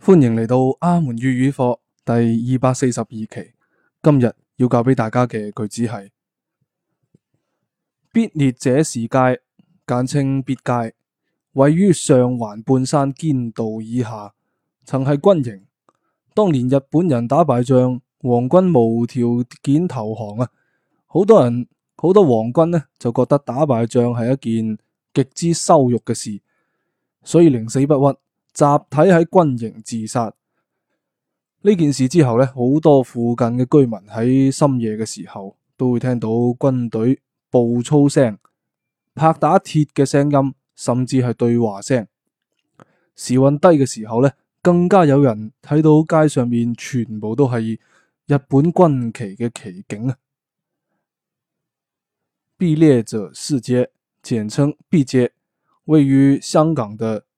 歡迎嚟到阿門粵語課第二百四十二期。今日要教俾大家嘅句子係：必列者士街，簡稱必街，位於上環半山堅道以下，曾係軍營。當年日本人打敗仗，皇軍無條件投降啊！好多人，好多皇軍呢，就覺得打敗仗係一件極之羞辱嘅事，所以寧死不屈。集體喺軍營自殺，呢件事之後呢，好多附近嘅居民喺深夜嘅時候，都會聽到軍隊步操聲、拍打鐵嘅聲音，甚至係對話聲。時運低嘅時候呢，更加有人睇到街上面全部都係日本軍旗嘅奇景啊！必列者士街，簡稱必街，位於香港的。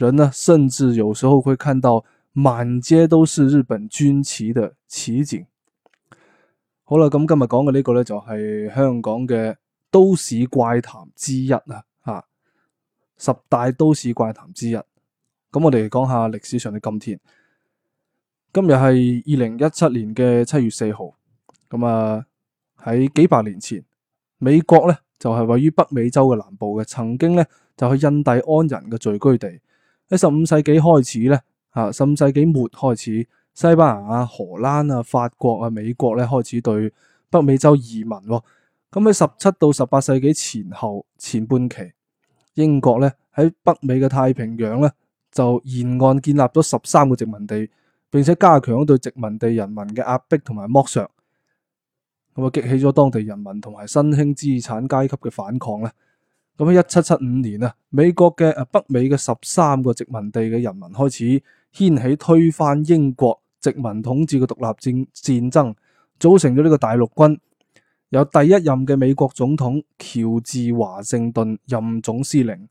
人呢，甚至有時候會看到滿街都是日本軍旗的奇景好。好啦，咁今日講嘅呢個呢，就係香港嘅都市怪談之一啦，吓、啊、十大都市怪談之一。咁我哋講下歷史上嘅今天，今日係二零一七年嘅七月四號。咁啊喺幾百年前，美國呢，就係、是、位於北美洲嘅南部嘅，曾經呢，就係印第安人嘅聚居地。喺十五世紀開始咧，吓，十五世紀末開始，西班牙啊、荷蘭啊、法國啊、美國咧開始對北美洲移民。咁喺十七到十八世紀前後前半期，英國咧喺北美嘅太平洋咧就沿岸建立咗十三個殖民地，並且加強咗對殖民地人民嘅壓迫同埋剝削，咁啊激起咗當地人民同埋新興資產階級嘅反抗啦。咁喺一七七五年啊，美國嘅北美嘅十三個殖民地嘅人民開始掀起推翻英國殖民統治嘅獨立戰戰爭，組成咗呢個大陸軍，由第一任嘅美國總統喬治華盛頓任總司令。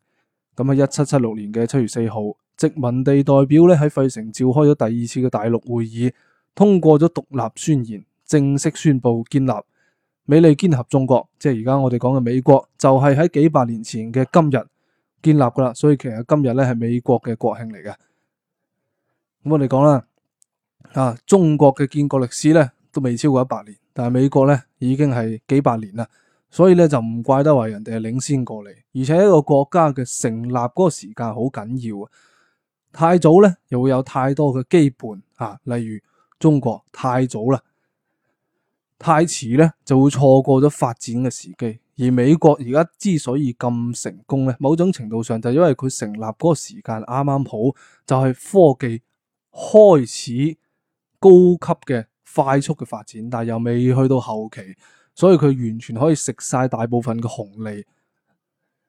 咁喺一七七六年嘅七月四號，殖民地代表咧喺費城召開咗第二次嘅大陸會議，通過咗獨立宣言，正式宣布建立美利堅合眾國，即係而家我哋講嘅美國，就係喺幾百年前嘅今日建立噶啦，所以其實今日咧係美國嘅國慶嚟嘅。咁我哋講啦，啊，中國嘅建國歷史咧都未超過一百年，但係美國咧已經係幾百年啦，所以咧就唔怪得話人哋係領先過嚟。而且一個國家嘅成立嗰個時間好緊要啊，太早咧又會有太多嘅羈絆，啊，例如中國太早啦。太遲咧，就會錯過咗發展嘅時機。而美國而家之所以咁成功咧，某種程度上就因為佢成立嗰個時間啱啱好，就係科技開始高級嘅快速嘅發展，但係又未去到後期，所以佢完全可以食晒大部分嘅紅利。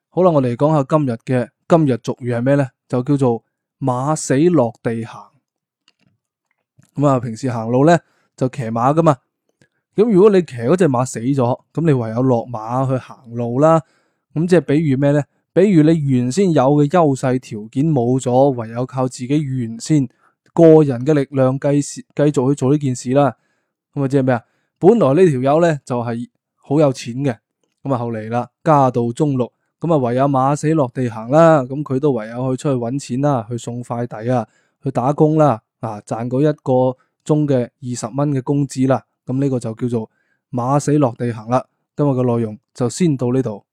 好啦，我哋講下今日嘅今日俗語係咩咧？就叫做馬死落地行。咁啊，平時行路咧就騎馬噶嘛。咁如果你騎嗰隻馬死咗，咁你唯有落馬去行路啦。咁即係比喻咩咧？比如你原先有嘅優勢條件冇咗，唯有靠自己原先個人嘅力量繼繼續去做呢件事啦。咁啊，即係咩啊？本來呢條友咧就係好有錢嘅，咁啊後嚟啦家道中落，咁啊唯有馬死落地行啦。咁佢都唯有去出去搵錢啦，去送快遞啊，去打工啦，啊賺嗰一個鐘嘅二十蚊嘅工資啦。咁呢個就叫做馬死落地行啦。今日嘅內容就先到呢度。